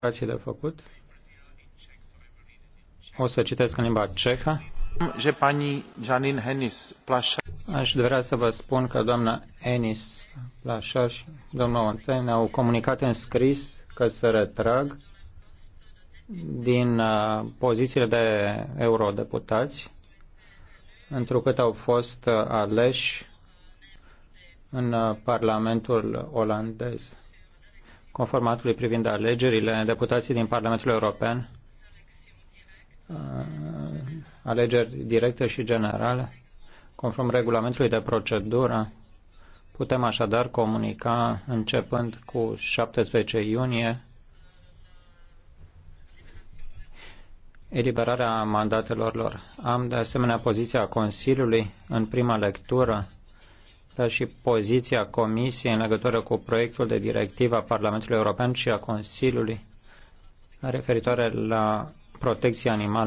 declarații de făcut. O să citesc în limba cehă. Aș vrea să vă spun că doamna Enis Plașa, și domnul ne au comunicat în scris că se retrag din uh, pozițiile de eurodeputați, întrucât au fost uh, aleși în uh, Parlamentul olandez. Conform actului privind alegerile, deputații din Parlamentul European, uh, alegeri directe și generale, conform regulamentului de procedură, putem așadar comunica începând cu 17 iunie eliberarea mandatelor lor. Am de asemenea poziția Consiliului în prima lectură dar și poziția Comisiei în legătură cu proiectul de directivă a Parlamentului European și a Consiliului referitoare la protecția animalelor.